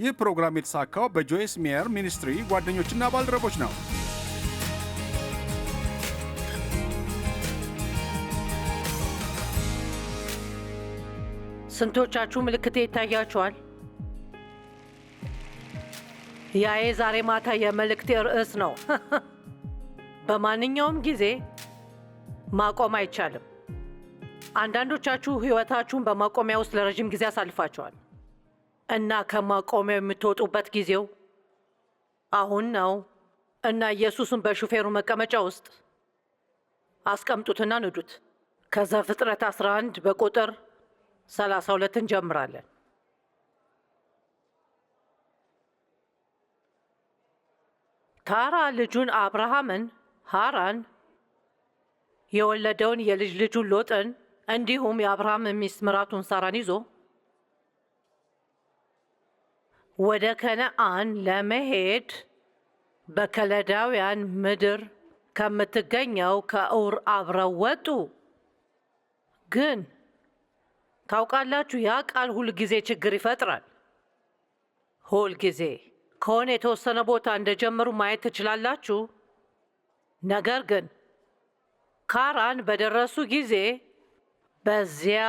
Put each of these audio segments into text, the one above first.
ይህ ፕሮግራም የተሳካው በጆይስ ሜየር ሚኒስትሪ ጓደኞችና ባልደረቦች ነው። ስንቶቻችሁ ምልክቴ ይታያችኋል? ያዬ ዛሬ ማታ የመልእክቴ ርዕስ ነው። በማንኛውም ጊዜ ማቆም አይቻልም። አንዳንዶቻችሁ ሕይወታችሁን በማቆሚያ ውስጥ ለረዥም ጊዜ አሳልፋችኋል። እና ከማቆሚያው የምትወጡበት ጊዜው አሁን ነው እና ኢየሱስን በሹፌሩ መቀመጫ ውስጥ አስቀምጡትና ንዱት። ከዘፍጥረት 11 በቁጥር 32 እንጀምራለን። ታራ ልጁን አብርሃምን፣ ሃራን የወለደውን የልጅ ልጁን ሎጥን እንዲሁም የአብርሃም ሚስት ምራቱን ሳራን ይዞ ወደ ከነአን ለመሄድ በከለዳውያን ምድር ከምትገኘው ከእውር አብረው ወጡ። ግን ታውቃላችሁ፣ ያ ቃል ሁልጊዜ ችግር ይፈጥራል። ሁልጊዜ ከሆነ የተወሰነ ቦታ እንደጀመሩ ማየት ትችላላችሁ። ነገር ግን ካራን በደረሱ ጊዜ በዚያ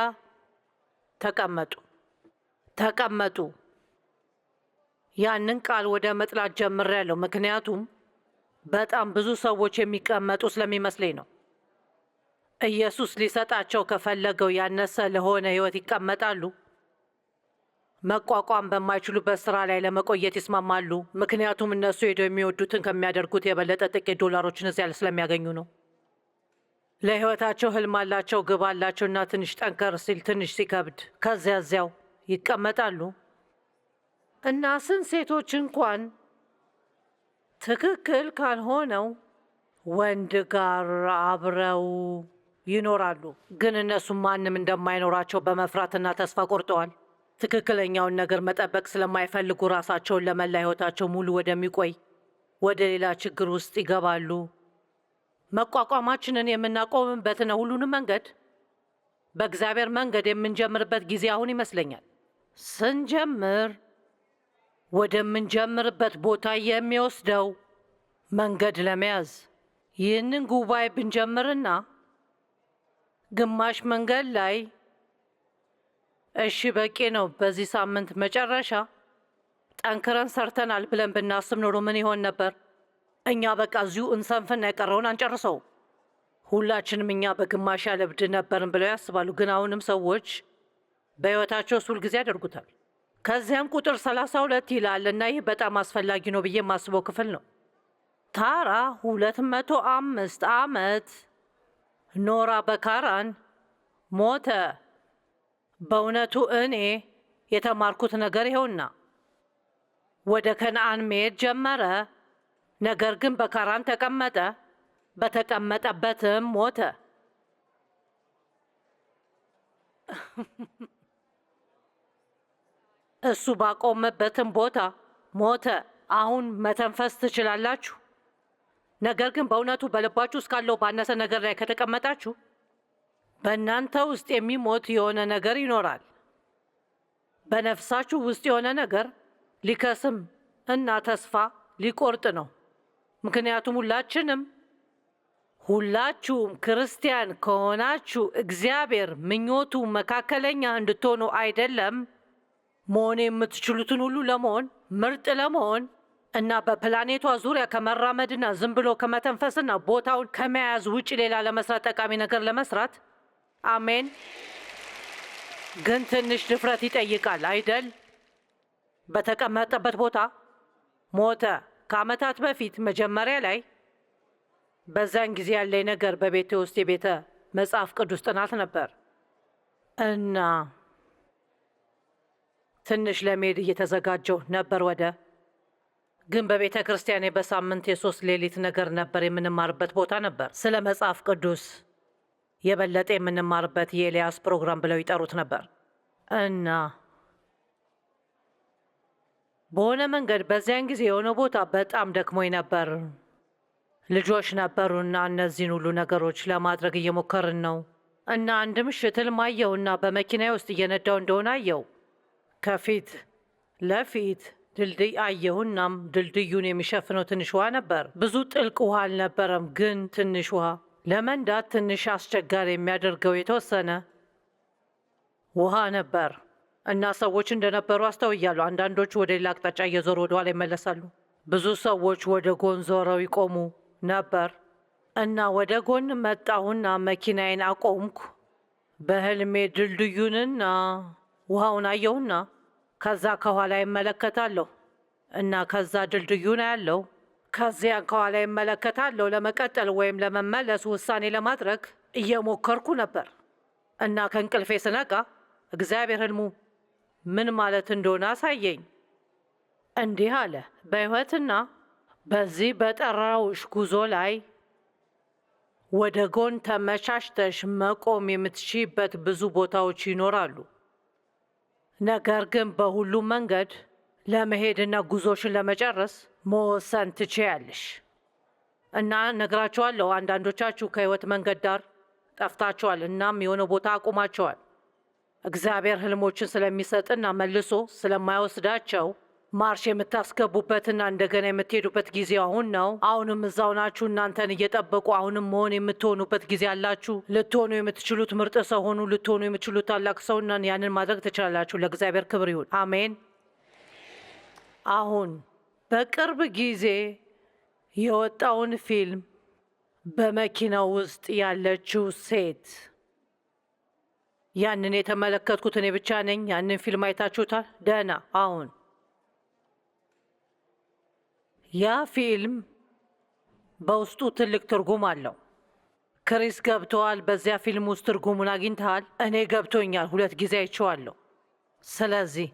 ተቀመጡ ተቀመጡ ያንን ቃል ወደ መጥላት ያለው ምክንያቱም በጣም ብዙ ሰዎች የሚቀመጡ ስለሚመስለኝ ነው። ኢየሱስ ሊሰጣቸው ከፈለገው ያነሰ ለሆነ ሕይወት ይቀመጣሉ። መቋቋም በማይችሉበት ስራ ላይ ለመቆየት ይስማማሉ። ምክንያቱም እነሱ ሄደው የሚወዱትን ከሚያደርጉት የበለጠ ጥቂት ዶላሮችን እዚያ ስለሚያገኙ ነው። ለሕይወታቸው ህልም አላቸው፣ ግብ አላቸውና ትንሽ ጠንከር ሲል፣ ትንሽ ሲከብድ ከዚያ እዚያው ይቀመጣሉ። እና ስንት ሴቶች እንኳን ትክክል ካልሆነው ወንድ ጋር አብረው ይኖራሉ፣ ግን እነሱም ማንም እንደማይኖራቸው በመፍራትና ተስፋ ቆርጠዋል። ትክክለኛውን ነገር መጠበቅ ስለማይፈልጉ ራሳቸውን ለመላ ሕይወታቸው ሙሉ ወደሚቆይ ወደ ሌላ ችግር ውስጥ ይገባሉ። መቋቋማችንን የምናቆምበት ነው። ሁሉንም መንገድ በእግዚአብሔር መንገድ የምንጀምርበት ጊዜ አሁን ይመስለኛል። ስንጀምር ወደምንጀምርበት ቦታ የሚወስደው መንገድ ለመያዝ ይህንን ጉባኤ ብንጀምርና ግማሽ መንገድ ላይ እሺ በቂ ነው፣ በዚህ ሳምንት መጨረሻ ጠንክረን ሰርተናል ብለን ብናስብ ኖሮ ምን ይሆን ነበር? እኛ በቃ እዚሁ እንሰንፍና የቀረውን አንጨርሰው። ሁላችንም እኛ በግማሽ ያለብድ ነበርን ብለው ያስባሉ። ግን አሁንም ሰዎች በሕይወታቸው ሱል ጊዜ ያደርጉታል። ከዚያም ቁጥር 32 ይላል እና ይህ በጣም አስፈላጊ ነው ብዬ የማስበው ክፍል ነው። ታራ 205 ዓመት ኖራ በካራን ሞተ። በእውነቱ እኔ የተማርኩት ነገር ይኸውና ወደ ከነአን መሄድ ጀመረ፣ ነገር ግን በካራን ተቀመጠ፣ በተቀመጠበትም ሞተ። እሱ ባቆመበትም ቦታ ሞተ። አሁን መተንፈስ ትችላላችሁ። ነገር ግን በእውነቱ በልባችሁ እስካለው ባነሰ ነገር ላይ ከተቀመጣችሁ በእናንተ ውስጥ የሚሞት የሆነ ነገር ይኖራል። በነፍሳችሁ ውስጥ የሆነ ነገር ሊከስም እና ተስፋ ሊቆርጥ ነው። ምክንያቱም ሁላችንም ሁላችሁም ክርስቲያን ከሆናችሁ እግዚአብሔር ምኞቱ መካከለኛ እንድትሆኑ አይደለም መሆን የምትችሉትን ሁሉ ለመሆን ምርጥ ለመሆን እና በፕላኔቷ ዙሪያ ከመራመድና ዝም ብሎ ከመተንፈስና ቦታውን ከመያዝ ውጭ ሌላ ለመስራት ጠቃሚ ነገር ለመስራት አሜን። ግን ትንሽ ድፍረት ይጠይቃል አይደል? በተቀመጠበት ቦታ ሞተ። ከአመታት በፊት መጀመሪያ ላይ በዛን ጊዜ ያለኝ ነገር በቤቴ ውስጥ የቤተ መጽሐፍ ቅዱስ ጥናት ነበር እና ትንሽ ለመሄድ እየተዘጋጀው ነበር ወደ ግን በቤተ ክርስቲያኔ በሳምንት የሶስት ሌሊት ነገር ነበር የምንማርበት ቦታ ነበር። ስለ መጽሐፍ ቅዱስ የበለጠ የምንማርበት የኤልያስ ፕሮግራም ብለው ይጠሩት ነበር እና በሆነ መንገድ በዚያን ጊዜ የሆነ ቦታ በጣም ደክሞኝ ነበር። ልጆች ነበሩና እነዚህን ሁሉ ነገሮች ለማድረግ እየሞከርን ነው እና አንድ ምሽት ህልም አየሁና በመኪናዬ ውስጥ እየነዳው እንደሆነ አየው ከፊት ለፊት ድልድይ አየሁናም ድልድዩን የሚሸፍነው ትንሽ ውሃ ነበር። ብዙ ጥልቅ ውሃ አልነበረም፣ ግን ትንሽ ውሃ ለመንዳት ትንሽ አስቸጋሪ የሚያደርገው የተወሰነ ውሃ ነበር እና ሰዎች እንደነበሩ አስተውያሉ። አንዳንዶቹ ወደ ሌላ አቅጣጫ እየዞሩ ኋላ ይመለሳሉ። ብዙ ሰዎች ወደ ጎን ዞረው ይቆሙ ነበር እና ወደ ጎን መጣሁና መኪናዬን አቆምኩ። በህልሜ ድልድዩንና ውሃውን አየሁና ከዛ ከኋላ ይመለከታለሁ እና ከዛ ድልድዩን ያለው ከዚያን ከኋላ ይመለከታለሁ። ለመቀጠል ወይም ለመመለስ ውሳኔ ለማድረግ እየሞከርኩ ነበር እና ከእንቅልፌ ስነቃ እግዚአብሔር ህልሙ ምን ማለት እንደሆነ አሳየኝ። እንዲህ አለ፣ በሕይወትና በዚህ በጠራውሽ ጉዞ ላይ ወደ ጎን ተመቻችተሽ መቆም የምትችይበት ብዙ ቦታዎች ይኖራሉ። ነገር ግን በሁሉም መንገድ ለመሄድና ጉዞሽን ለመጨረስ መወሰን ትችያለሽ እና ነግራችኋለሁ። አንዳንዶቻችሁ ከህይወት መንገድ ዳር ጠፍታችኋል፣ እናም የሆነ ቦታ አቁማችኋል። እግዚአብሔር ህልሞችን ስለሚሰጥና መልሶ ስለማይወስዳቸው ማርሽ የምታስገቡበትና እንደገና የምትሄዱበት ጊዜ አሁን ነው። አሁንም እዛው ናችሁ፣ እናንተን እየጠበቁ አሁንም መሆን የምትሆኑበት ጊዜ አላችሁ። ልትሆኑ የምትችሉት ምርጥ ሰው ሆኑ። ልትሆኑ የምትችሉት ታላቅ እናን ያንን ማድረግ ትችላላችሁ። ለእግዚአብሔር ክብር ይሁን። አሜን። አሁን በቅርብ ጊዜ የወጣውን ፊልም በመኪና ውስጥ ያለችው ሴት ያንን የተመለከትኩት እኔ ብቻ ነኝ። ያንን ፊልም አይታችሁታል? ደህና አሁን ያ ፊልም በውስጡ ትልቅ ትርጉም አለው። ክሪስ ገብተዋል። በዚያ ፊልም ውስጥ ትርጉሙን አግኝተሃል። እኔ ገብቶኛል፣ ሁለት ጊዜ አይቼዋለሁ። ስለዚህ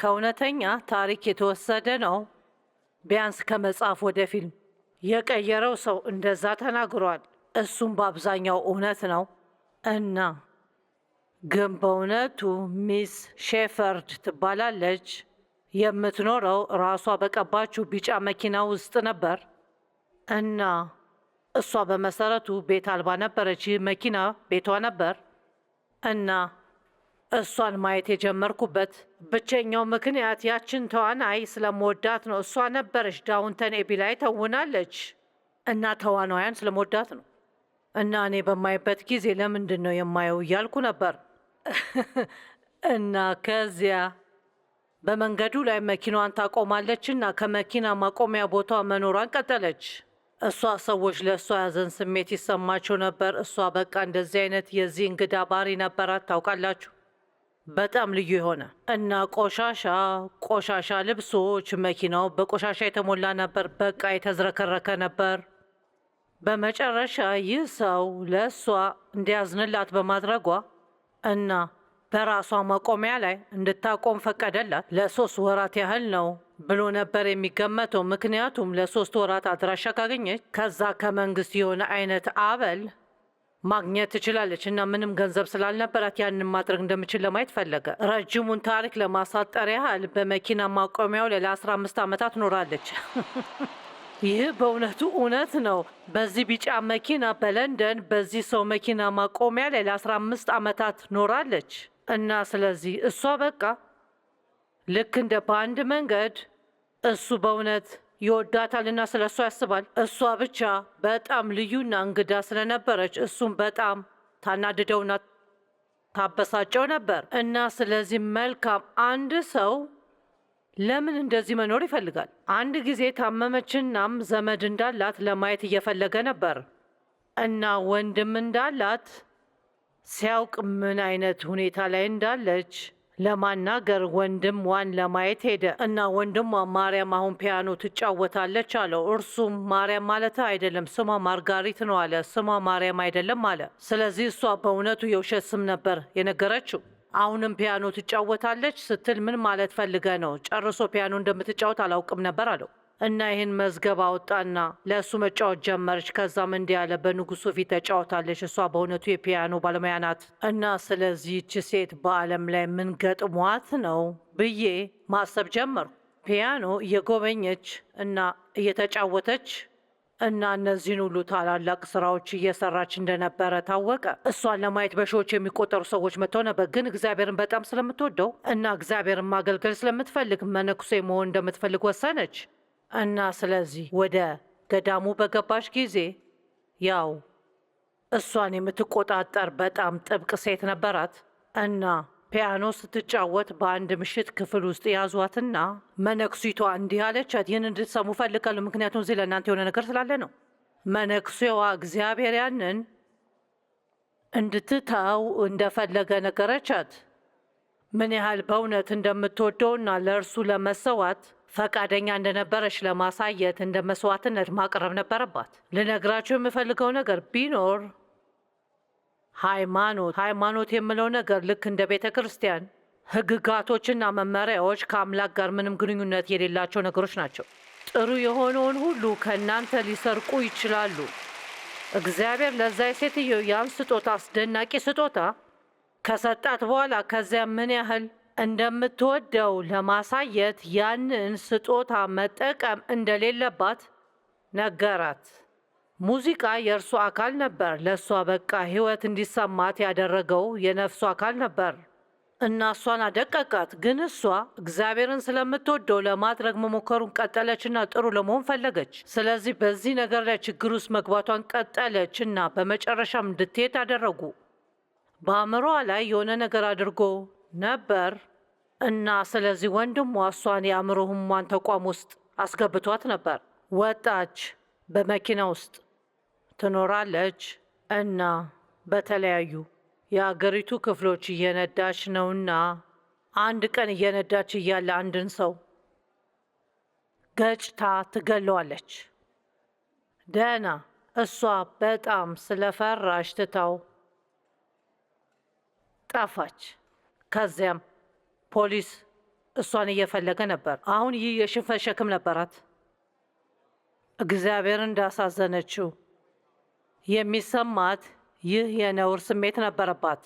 ከእውነተኛ ታሪክ የተወሰደ ነው፣ ቢያንስ ከመጽሐፍ ወደ ፊልም የቀየረው ሰው እንደዛ ተናግሯል። እሱም በአብዛኛው እውነት ነው እና ግን በእውነቱ ሚስ ሼፈርድ ትባላለች የምትኖረው ራሷ በቀባችው ቢጫ መኪና ውስጥ ነበር እና እሷ በመሰረቱ ቤት አልባ ነበረች። ይህ መኪና ቤቷ ነበር እና እሷን ማየት የጀመርኩበት ብቸኛው ምክንያት ያችን ተዋናይ ስለመወዳት ነው። እሷ ነበረች ዳውንተን ኤቢ ላይ ተውናለች እና ተዋናውያን ስለመወዳት ነው። እና እኔ በማይበት ጊዜ ለምንድን ነው የማየው እያልኩ ነበር እና ከዚያ በመንገዱ ላይ መኪናዋን ታቆማለች እና ከመኪና ማቆሚያ ቦታ መኖሯን ቀጠለች። እሷ ሰዎች ለእሷ ያዘን ስሜት ይሰማቸው ነበር። እሷ በቃ እንደዚህ አይነት የዚህ እንግዳ ባህሪ ነበራት። ታውቃላችሁ፣ በጣም ልዩ የሆነ እና ቆሻሻ ቆሻሻ ልብሶች። መኪናው በቆሻሻ የተሞላ ነበር። በቃ የተዝረከረከ ነበር። በመጨረሻ ይህ ሰው ለእሷ እንዲያዝንላት በማድረጓ እና በራሷ መቆሚያ ላይ እንድታቆም ፈቀደላት። ለሶስት ወራት ያህል ነው ብሎ ነበር የሚገመተው። ምክንያቱም ለሶስት ወራት አድራሻ ካገኘች ከዛ ከመንግስት የሆነ አይነት አበል ማግኘት ትችላለች እና ምንም ገንዘብ ስላልነበራት ያንን ማድረግ እንደምችል ለማየት ፈለገ። ረጅሙን ታሪክ ለማሳጠር ያህል በመኪና ማቆሚያው ላይ ለ15 ዓመታት ኖራለች። ይህ በእውነቱ እውነት ነው። በዚህ ቢጫ መኪና በለንደን በዚህ ሰው መኪና ማቆሚያ ላይ ለ15 ዓመታት ኖራለች። እና ስለዚህ እሷ በቃ ልክ እንደ በአንድ መንገድ እሱ በእውነት ይወዳታልና ስለ እሷ ያስባል። እሷ ብቻ በጣም ልዩና እንግዳ ስለነበረች እሱም በጣም ታናድደውና ታበሳጨው ነበር። እና ስለዚህ መልካም አንድ ሰው ለምን እንደዚህ መኖር ይፈልጋል? አንድ ጊዜ ታመመችናም ዘመድ እንዳላት ለማየት እየፈለገ ነበር እና ወንድም እንዳላት ሲያውቅ ምን አይነት ሁኔታ ላይ እንዳለች ለማናገር ወንድሟን ለማየት ሄደ እና ወንድሟ ማርያም አሁን ፒያኖ ትጫወታለች አለው። እርሱም ማርያም ማለት አይደለም፣ ስሟ ማርጋሪት ነው አለ። ስሟ ማርያም አይደለም አለ። ስለዚህ እሷ በእውነቱ የውሸት ስም ነበር የነገረችው። አሁንም ፒያኖ ትጫወታለች ስትል ምን ማለት ፈልገ ነው? ጨርሶ ፒያኖ እንደምትጫወት አላውቅም ነበር አለው። እና ይህን መዝገብ አወጣና ለእሱ መጫወት ጀመረች። ከዛም እንዲህ ያለ በንጉሱ ፊት ተጫወታለች። እሷ በእውነቱ የፒያኖ ባለሙያ ናት። እና ስለዚህች ሴት በዓለም ላይ ምን ገጥሟት ነው ብዬ ማሰብ ጀመርኩ። ፒያኖ እየጎበኘች እና እየተጫወተች እና እነዚህን ሁሉ ታላላቅ ስራዎች እየሰራች እንደነበረ ታወቀ። እሷን ለማየት በሺዎች የሚቆጠሩ ሰዎች መጥተው ነበር። ግን እግዚአብሔርን በጣም ስለምትወደው እና እግዚአብሔርን ማገልገል ስለምትፈልግ መነኩሴ መሆን እንደምትፈልግ ወሰነች። እና ስለዚህ ወደ ገዳሙ በገባሽ ጊዜ ያው እሷን የምትቆጣጠር በጣም ጥብቅ ሴት ነበራት እና ፒያኖ ስትጫወት በአንድ ምሽት ክፍል ውስጥ ያዟትና መነኩሲቷ እንዲህ አለቻት። ይህን እንድትሰሙ ፈልጋለሁ፣ ምክንያቱም እዚህ ለእናንተ የሆነ ነገር ስላለ ነው። መነኩሴዋ እግዚአብሔር ያንን እንድትታው እንደፈለገ ነገረቻት፣ ምን ያህል በእውነት እንደምትወደውና ለእርሱ ለመሰዋት ፈቃደኛ እንደነበረች ለማሳየት እንደ መስዋዕትነት ማቅረብ ነበረባት። ልነግራችሁ የምፈልገው ነገር ቢኖር ሃይማኖት ሃይማኖት የምለው ነገር ልክ እንደ ቤተ ክርስቲያን ህግጋቶችና መመሪያዎች ከአምላክ ጋር ምንም ግንኙነት የሌላቸው ነገሮች ናቸው። ጥሩ የሆነውን ሁሉ ከእናንተ ሊሰርቁ ይችላሉ። እግዚአብሔር ለዛ የሴትየው ያን ስጦታ አስደናቂ ስጦታ ከሰጣት በኋላ ከዚያ ምን ያህል እንደምትወደው ለማሳየት ያንን ስጦታ መጠቀም እንደሌለባት ነገራት። ሙዚቃ የእርሱ አካል ነበር። ለእሷ በቃ ሕይወት እንዲሰማት ያደረገው የነፍሱ አካል ነበር እና እሷን አደቀቃት። ግን እሷ እግዚአብሔርን ስለምትወደው ለማድረግ መሞከሩን ቀጠለችና ጥሩ ለመሆን ፈለገች። ስለዚህ በዚህ ነገር ላይ ችግር ውስጥ መግባቷን ቀጠለች እና በመጨረሻም እንድትሄድ አደረጉ። በአእምሯ ላይ የሆነ ነገር አድርጎ ነበር እና ስለዚህ ወንድሟ እሷን የአእምሮ ህሙማን ተቋም ውስጥ አስገብቷት ነበር። ወጣች፣ በመኪና ውስጥ ትኖራለች እና በተለያዩ የአገሪቱ ክፍሎች እየነዳች ነውና አንድ ቀን እየነዳች እያለ አንድን ሰው ገጭታ ትገለዋለች። ደህና እሷ በጣም ስለፈራሽ ትታው ጠፋች። ከዚያም ፖሊስ እሷን እየፈለገ ነበር። አሁን ይህ የሽንፈት ሸክም ነበራት። እግዚአብሔር እንዳሳዘነችው የሚሰማት ይህ የነውር ስሜት ነበረባት።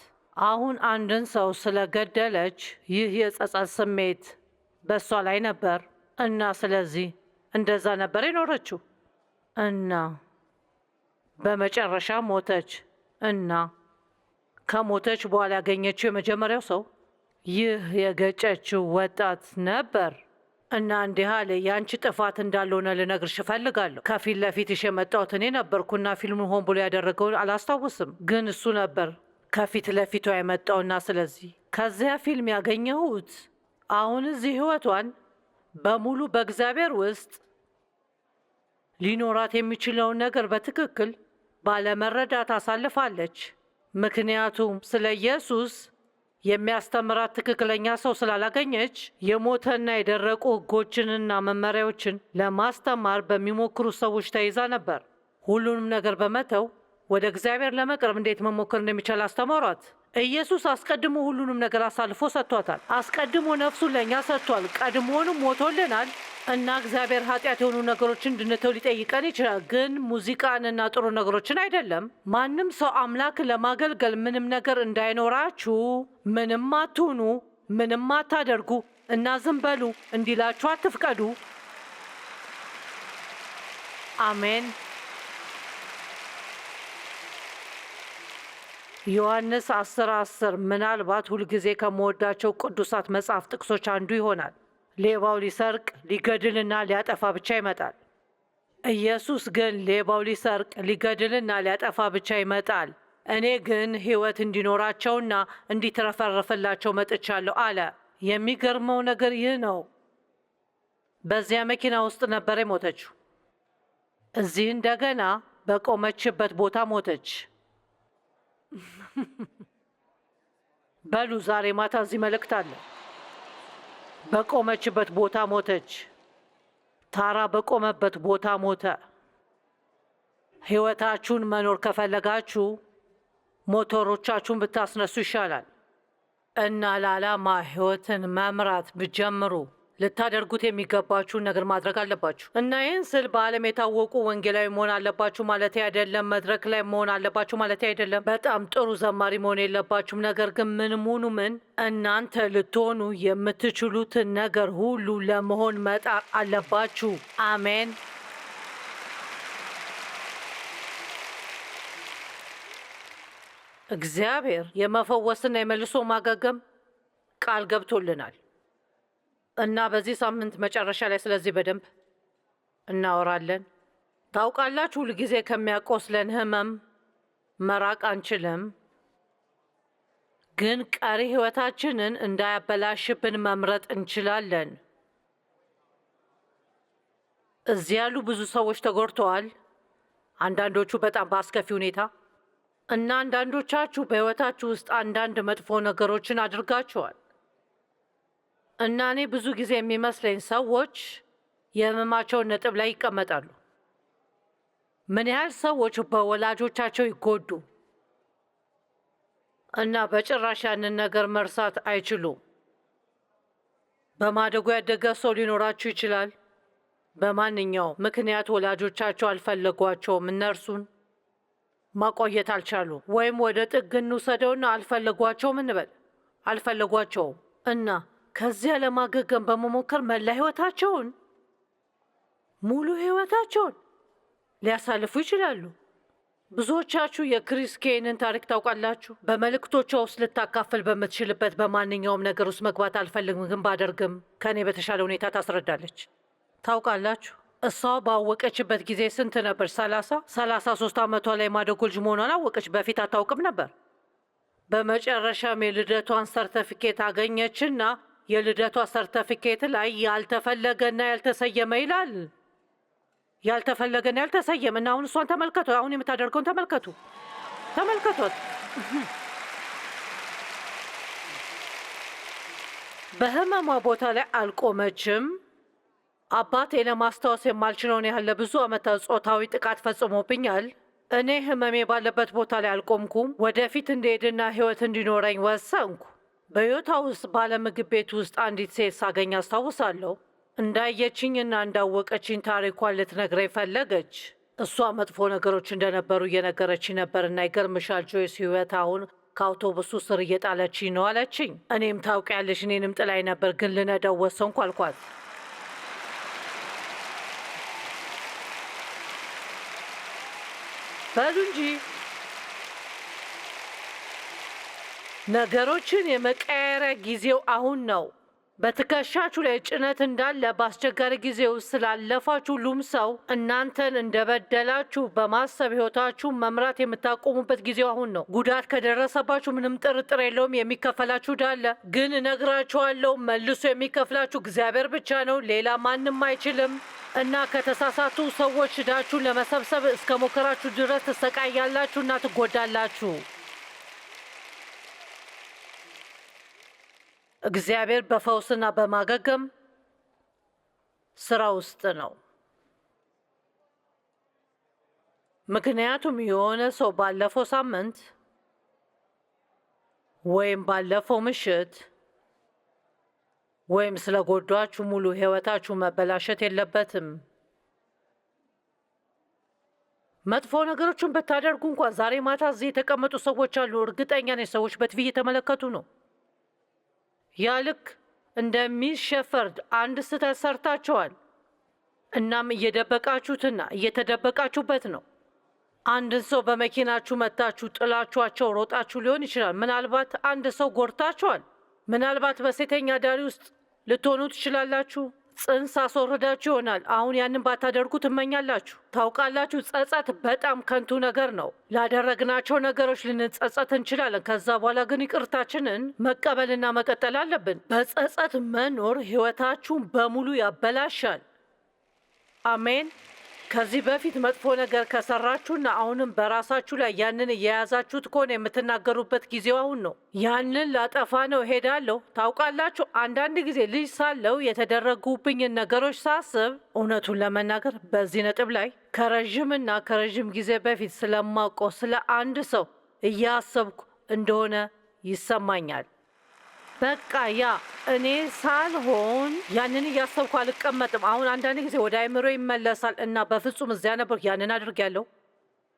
አሁን አንድን ሰው ስለገደለች ይህ የጸጸት ስሜት በእሷ ላይ ነበር እና ስለዚህ እንደዛ ነበር የኖረችው እና በመጨረሻ ሞተች እና ከሞተች በኋላ ያገኘችው የመጀመሪያው ሰው ይህ የገጨችው ወጣት ነበር እና እንዲህ አለ። የአንቺ ጥፋት እንዳልሆነ ልነግርሽ እፈልጋለሁ። ከፊት ለፊትሽ የመጣሁት እኔ ነበርኩና ፊልሙን ሆን ብሎ ያደረገውን አላስታውስም፣ ግን እሱ ነበር ከፊት ለፊቷ የመጣውና ስለዚህ ከዚያ ፊልም ያገኘሁት አሁን እዚህ ህይወቷን በሙሉ በእግዚአብሔር ውስጥ ሊኖራት የሚችለውን ነገር በትክክል ባለመረዳት አሳልፋለች። ምክንያቱም ስለ ኢየሱስ የሚያስተምራት ትክክለኛ ሰው ስላላገኘች የሞተና የደረቁ ሕጎችንና መመሪያዎችን ለማስተማር በሚሞክሩ ሰዎች ተይዛ ነበር። ሁሉንም ነገር በመተው ወደ እግዚአብሔር ለመቅረብ እንዴት መሞከር እንደሚቻል አስተማሯት። ኢየሱስ አስቀድሞ ሁሉንም ነገር አሳልፎ ሰጥቷታል። አስቀድሞ ነፍሱን ለእኛ ሰጥቷል። ቀድሞንም ሞቶልናል እና እግዚአብሔር ኃጢአት የሆኑ ነገሮችን እንድንተው ሊጠይቀን ይችላል፣ ግን ሙዚቃንና ጥሩ ነገሮችን አይደለም። ማንም ሰው አምላክ ለማገልገል ምንም ነገር እንዳይኖራችሁ፣ ምንም አትሁኑ፣ ምንም አታደርጉ እና ዝም በሉ እንዲላችሁ አትፍቀዱ። አሜን። ዮሐንስ 10 10 ምናልባት ሁልጊዜ ከመወዳቸው ቅዱሳት መጽሐፍ ጥቅሶች አንዱ ይሆናል። ሌባው ሊሰርቅ ሊገድልና ሊያጠፋ ብቻ ይመጣል። ኢየሱስ ግን ሌባው ሊሰርቅ ሊገድልና ሊያጠፋ ብቻ ይመጣል፣ እኔ ግን ሕይወት እንዲኖራቸውና እንዲትረፈረፍላቸው መጥቻለሁ አለ። የሚገርመው ነገር ይህ ነው። በዚያ መኪና ውስጥ ነበር የሞተችው። እዚህ እንደገና በቆመችበት ቦታ ሞተች። በሉ ዛሬ ማታ እዚህ መልእክት አለ። በቆመችበት ቦታ ሞተች። ታራ በቆመበት ቦታ ሞተ። ሕይወታችሁን መኖር ከፈለጋችሁ ሞተሮቻችሁን ብታስነሱ ይሻላል እና ለዓላማ ሕይወትን መምራት ብጀምሩ ልታደርጉት የሚገባችሁን ነገር ማድረግ አለባችሁ እና ይህን ስል በዓለም የታወቁ ወንጌላዊ መሆን አለባችሁ ማለት አይደለም። መድረክ ላይ መሆን አለባችሁ ማለት አይደለም። በጣም ጥሩ ዘማሪ መሆን የለባችሁም። ነገር ግን ምን ሙኑ ምን እናንተ ልትሆኑ የምትችሉትን ነገር ሁሉ ለመሆን መጣር አለባችሁ። አሜን። እግዚአብሔር የመፈወስና የመልሶ ማገገም ቃል ገብቶልናል። እና በዚህ ሳምንት መጨረሻ ላይ ስለዚህ በደንብ እናወራለን። ታውቃላችሁ ሁልጊዜ ከሚያቆስለን ህመም መራቅ አንችልም፣ ግን ቀሪ ህይወታችንን እንዳያበላሽብን መምረጥ እንችላለን። እዚህ ያሉ ብዙ ሰዎች ተጎድተዋል፣ አንዳንዶቹ በጣም በአስከፊ ሁኔታ እና አንዳንዶቻችሁ በህይወታችሁ ውስጥ አንዳንድ መጥፎ ነገሮችን አድርጋችኋል። እና እኔ ብዙ ጊዜ የሚመስለኝ ሰዎች የህመማቸውን ነጥብ ላይ ይቀመጣሉ። ምን ያህል ሰዎች በወላጆቻቸው ይጎዱ እና በጭራሽ ያንን ነገር መርሳት አይችሉም። በማደጉ ያደገ ሰው ሊኖራችሁ ይችላል። በማንኛውም ምክንያት ወላጆቻቸው አልፈለጓቸውም፣ እነርሱን ማቆየት አልቻሉ ወይም ወደ ጥግ እንውሰደውና አልፈለጓቸውም እንበል፣ አልፈለጓቸውም እና ከዚያ ለማገገም በመሞከር መላ ህይወታቸውን ሙሉ ህይወታቸውን ሊያሳልፉ ይችላሉ። ብዙዎቻችሁ የክሪስ ኬንን ታሪክ ታውቃላችሁ። በመልእክቶቿ ውስጥ ልታካፍል በምትችልበት በማንኛውም ነገር ውስጥ መግባት አልፈልግም፣ ግን ባደርግም ከእኔ በተሻለ ሁኔታ ታስረዳለች። ታውቃላችሁ እሷ ባወቀችበት ጊዜ ስንት ነበር? ሰላሳ ሰላሳ ሶስት ዓመቷ ላይ ማደጎ ልጅ መሆኗን አወቀች። በፊት አታውቅም ነበር። በመጨረሻም የልደቷን ሰርተፊኬት አገኘችና የልደቷ ሰርተፊኬት ላይ ያልተፈለገና ያልተሰየመ ይላል። ያልተፈለገና ያልተሰየመ እና አሁን እሷን ተመልከቱ። አሁን የምታደርገውን ተመልከቱ፣ ተመልከቷት። በህመሟ ቦታ ላይ አልቆመችም። አባቴ ለማስታወስ የማልችለውን ያህል ለብዙ ዓመታት ጾታዊ ጥቃት ፈጽሞብኛል። እኔ ህመሜ ባለበት ቦታ ላይ አልቆምኩም። ወደፊት እንደሄድና ህይወት እንዲኖረኝ ወሰንኩ። በዮታ ውስጥ ባለ ምግብ ቤት ውስጥ አንዲት ሴት ሳገኝ አስታውሳለሁ። እንዳየችኝና እንዳወቀችኝ ታሪኳን ልትነግረኝ ፈለገች። እሷ መጥፎ ነገሮች እንደነበሩ እየነገረችኝ ነበርና ይገርምሻል፣ ጆይስ ህይወት አሁን ከአውቶቡሱ ስር እየጣለችኝ ነው አለችኝ። እኔም ታውቂያለሽ፣ እኔንም ጥላይ ነበር፣ ግን ልነደው ወሰንኩ አልኳት። በሉ እንጂ ነገሮችን የመቀየረ ጊዜው አሁን ነው። በትከሻችሁ ላይ ጭነት እንዳለ በአስቸጋሪ ጊዜ ውስጥ ስላለፋችሁ ሁሉም ሰው እናንተን እንደበደላችሁ በማሰብ ህይወታችሁ መምራት የምታቆሙበት ጊዜው አሁን ነው። ጉዳት ከደረሰባችሁ ምንም ጥርጥር የለውም የሚከፈላችሁ ዳለ። ግን እነግራችኋለሁ መልሶ የሚከፍላችሁ እግዚአብሔር ብቻ ነው፣ ሌላ ማንም አይችልም። እና ከተሳሳቱ ሰዎች ዕዳችሁን ለመሰብሰብ እስከ ሞከራችሁ ድረስ ትሰቃያላችሁ እና ትጎዳላችሁ። እግዚአብሔር በፈውስና በማገገም ስራ ውስጥ ነው። ምክንያቱም የሆነ ሰው ባለፈው ሳምንት ወይም ባለፈው ምሽት ወይም ስለ ጎዷችሁ ሙሉ ህይወታችሁ መበላሸት የለበትም። መጥፎ ነገሮችን ብታደርጉ እንኳን ዛሬ ማታ እዚህ የተቀመጡ ሰዎች አሉ። እርግጠኛ ነኝ ሰዎች በቲቪ እየተመለከቱ ነው። ያ ልክ እንደ ሚስ ሸፈርድ አንድ ስህተት ሰርታችኋል። እናም እየደበቃችሁትና እየተደበቃችሁበት ነው። አንድን ሰው በመኪናችሁ መታችሁ ጥላችኋቸው ሮጣችሁ ሊሆን ይችላል። ምናልባት አንድ ሰው ጎርታችኋል። ምናልባት በሴተኛ ዳሪ ውስጥ ልትሆኑ ትችላላችሁ። ጽንስ አስወርዳችሁ ይሆናል። አሁን ያንን ባታደርጉ ትመኛላችሁ። ታውቃላችሁ፣ ጸጸት በጣም ከንቱ ነገር ነው። ላደረግናቸው ነገሮች ልንጸጸት እንችላለን። ከዛ በኋላ ግን ይቅርታችንን መቀበልና መቀጠል አለብን። በጸጸት መኖር ህይወታችሁን በሙሉ ያበላሻል። አሜን። ከዚህ በፊት መጥፎ ነገር ከሰራችሁና አሁንም በራሳችሁ ላይ ያንን እየያዛችሁት ከሆነ የምትናገሩበት ጊዜው አሁን ነው። ያንን ላጠፋ ነው ሄዳለሁ። ታውቃላችሁ፣ አንዳንድ ጊዜ ልጅ ሳለው የተደረጉብኝን ነገሮች ሳስብ እውነቱን ለመናገር በዚህ ነጥብ ላይ ከረዥምና ከረዥም ጊዜ በፊት ስለማውቀው ስለ አንድ ሰው እያሰብኩ እንደሆነ ይሰማኛል። በቃ ያ እኔ ሳልሆን ያንን እያሰብኩ አልቀመጥም። አሁን አንዳንድ ጊዜ ወደ አይምሮ ይመለሳል እና በፍጹም እዚያ ነበር ያንን አድርጌያለሁ፣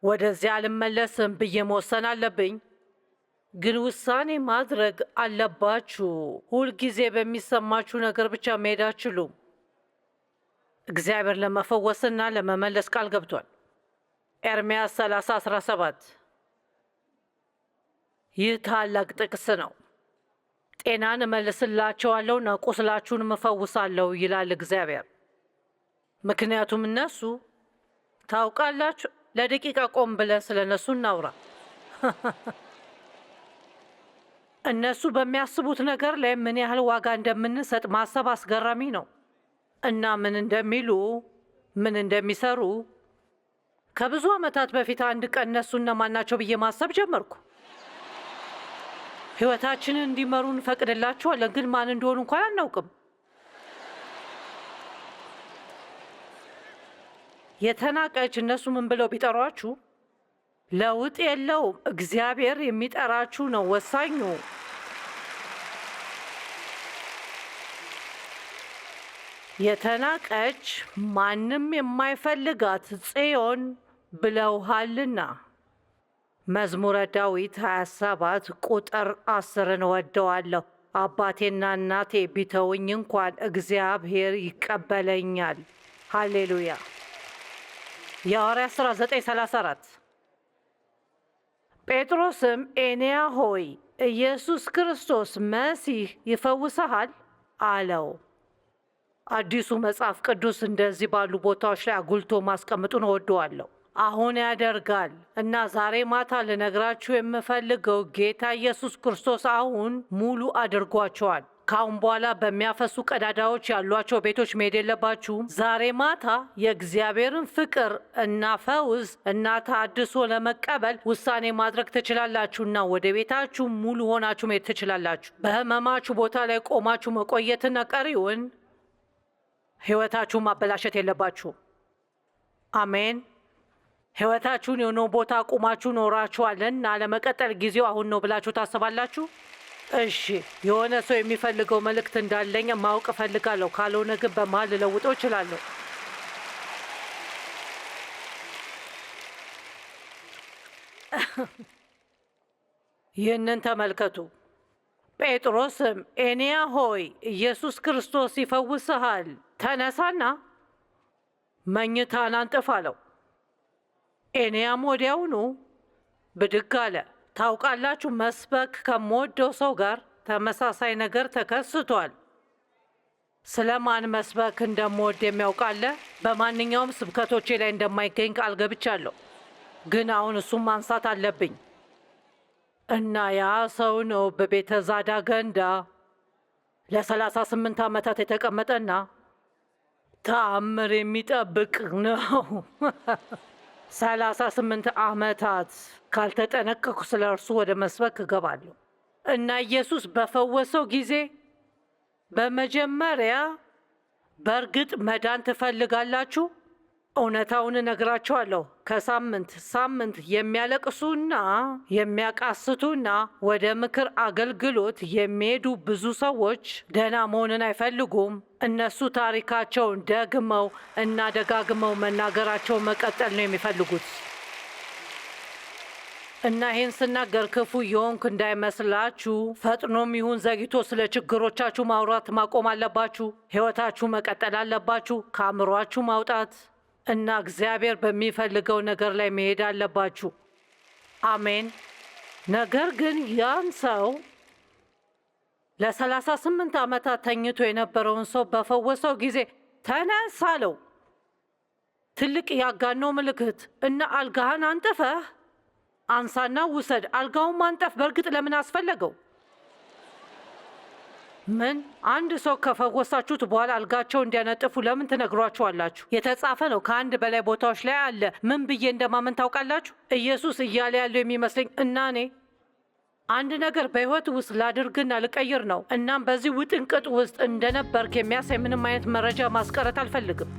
ወደዚያ አልመለስም ብዬ መወሰን አለብኝ። ግን ውሳኔ ማድረግ አለባችሁ። ሁልጊዜ በሚሰማችሁ ነገር ብቻ መሄድ አችሉም። እግዚአብሔር ለመፈወስና ለመመለስ ቃል ገብቷል። ኤርምያስ ሳ 17 ይህ ታላቅ ጥቅስ ነው። ጤናን ነው ቁስላችሁን እፈውሳለሁ ይላል እግዚአብሔር። ምክንያቱም እነሱ ታውቃላችሁ፣ ለደቂቃ ቆም ብለን ስለ እነሱ እናውራ። እነሱ በሚያስቡት ነገር ላይ ምን ያህል ዋጋ እንደምንሰጥ ማሰብ አስገራሚ ነው። እና ምን እንደሚሉ ምን እንደሚሰሩ ከብዙ ዓመታት በፊት አንድ ቀን እነሱ እነማን ናቸው ብዬ ማሰብ ጀመርኩ። ህይወታችንን እንዲመሩ እንፈቅድላቸዋለን፣ ግን ማን እንደሆኑ እንኳን አናውቅም። የተናቀች እነሱ ምን ብለው ቢጠሯችሁ ለውጥ የለውም። እግዚአብሔር የሚጠራችሁ ነው ወሳኙ። የተናቀች ማንም የማይፈልጋት ጽዮን ብለውሃልና መዝሙረ ዳዊት 27 ቁጥር አስርን ወደዋለሁ። አባቴና እናቴ ቢተውኝ እንኳን እግዚአብሔር ይቀበለኛል። ሃሌሉያ። የሐዋርያ 19፥34 ጴጥሮስም ኤንያ ሆይ ኢየሱስ ክርስቶስ መሲህ ይፈውሰሃል አለው። አዲሱ መጽሐፍ ቅዱስ እንደዚህ ባሉ ቦታዎች ላይ አጉልቶ ማስቀምጡን እወደዋለሁ። አሁን ያደርጋል እና ዛሬ ማታ ልነግራችሁ የምፈልገው ጌታ ኢየሱስ ክርስቶስ አሁን ሙሉ አድርጓቸዋል። ካሁን በኋላ በሚያፈሱ ቀዳዳዎች ያሏቸው ቤቶች መሄድ የለባችሁም። ዛሬ ማታ የእግዚአብሔርን ፍቅር እና ፈውስ እና ታድሶ ለመቀበል ውሳኔ ማድረግ ትችላላችሁና ወደ ቤታችሁ ሙሉ ሆናችሁ መሄድ ትችላላችሁ። በህመማችሁ ቦታ ላይ ቆማችሁ መቆየትና ቀሪውን ህይወታችሁን ማበላሸት የለባችሁም። አሜን። ህይወታችሁን የሆነ ቦታ ቁማችሁ ኖራችኋለን አለመቀጠል ለመቀጠል ጊዜው አሁን ነው ብላችሁ ታስባላችሁ? እሺ፣ የሆነ ሰው የሚፈልገው መልእክት እንዳለኝ ማወቅ እፈልጋለሁ። ካልሆነ ግን በመሀል ልለውጠው እችላለሁ። ይህንን ተመልከቱ። ጴጥሮስም ኤንያ ሆይ ኢየሱስ ክርስቶስ ይፈውስሃል፣ ተነሳና መኝታን አንጥፍ አለው። ኤንያም ወዲያውኑ ብድግ አለ። ታውቃላችሁ መስበክ ከምወደው ሰው ጋር ተመሳሳይ ነገር ተከስቷል። ስለ ማን መስበክ እንደምወድ የሚያውቃለ። በማንኛውም ስብከቶቼ ላይ እንደማይገኝ ቃል ገብቻለሁ፣ ግን አሁን እሱም ማንሳት አለብኝ እና ያ ሰው ነው በቤተ ዛዳ ገንዳ ለሰላሳ ስምንት ዓመታት የተቀመጠና ተአምር የሚጠብቅ ነው። ሰላሳ ስምንት ዓመታት ካልተጠነቀኩ ስለ እርሱ ወደ መስበክ እገባለሁ እና ኢየሱስ በፈወሰው ጊዜ በመጀመሪያ በእርግጥ መዳን ትፈልጋላችሁ እውነታውን እነግራቸዋለሁ። ከሳምንት ሳምንት የሚያለቅሱና የሚያቃስቱና ወደ ምክር አገልግሎት የሚሄዱ ብዙ ሰዎች ደህና መሆንን አይፈልጉም። እነሱ ታሪካቸውን ደግመው እና ደጋግመው መናገራቸውን መቀጠል ነው የሚፈልጉት። እና ይህን ስናገር ክፉ የሆንክ እንዳይመስላችሁ። ፈጥኖም ይሁን ዘግይቶ ስለ ችግሮቻችሁ ማውራት ማቆም አለባችሁ። ሕይወታችሁ መቀጠል አለባችሁ። ከአእምሯችሁ ማውጣት እና እግዚአብሔር በሚፈልገው ነገር ላይ መሄድ አለባችሁ። አሜን። ነገር ግን ያን ሰው ለሰላሳ ስምንት ዓመታት ተኝቶ የነበረውን ሰው በፈወሰው ጊዜ ተነስ አለው። ትልቅ ያጋነው ምልክት እና አልጋህን አንጥፈህ አንሳና ውሰድ። አልጋውን ማንጠፍ በእርግጥ ለምን አስፈለገው? ምን? አንድ ሰው ከፈወሳችሁት በኋላ አልጋቸው እንዲያነጥፉ ለምን ትነግሯችኋላችሁ? የተጻፈ ነው። ከአንድ በላይ ቦታዎች ላይ አለ። ምን ብዬ እንደማመን ታውቃላችሁ? ኢየሱስ እያለ ያለው የሚመስለኝ እና እኔ አንድ ነገር በሕይወት ውስጥ ላድርግና ልቀይር ነው። እናም በዚህ ውጥንቅጥ ውስጥ እንደነበርክ የሚያሳይ ምንም አይነት መረጃ ማስቀረት አልፈልግም።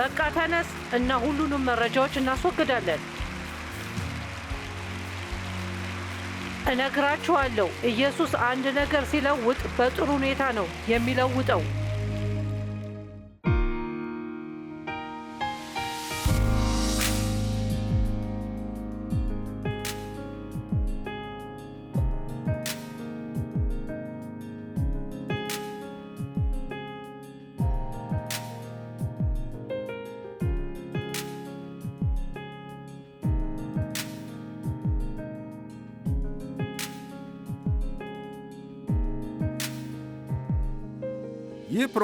በቃ ተነስ እና ሁሉንም መረጃዎች እናስወግዳለን። እነግራችኋለሁ፣ ኢየሱስ አንድ ነገር ሲለውጥ በጥሩ ሁኔታ ነው የሚለውጠው።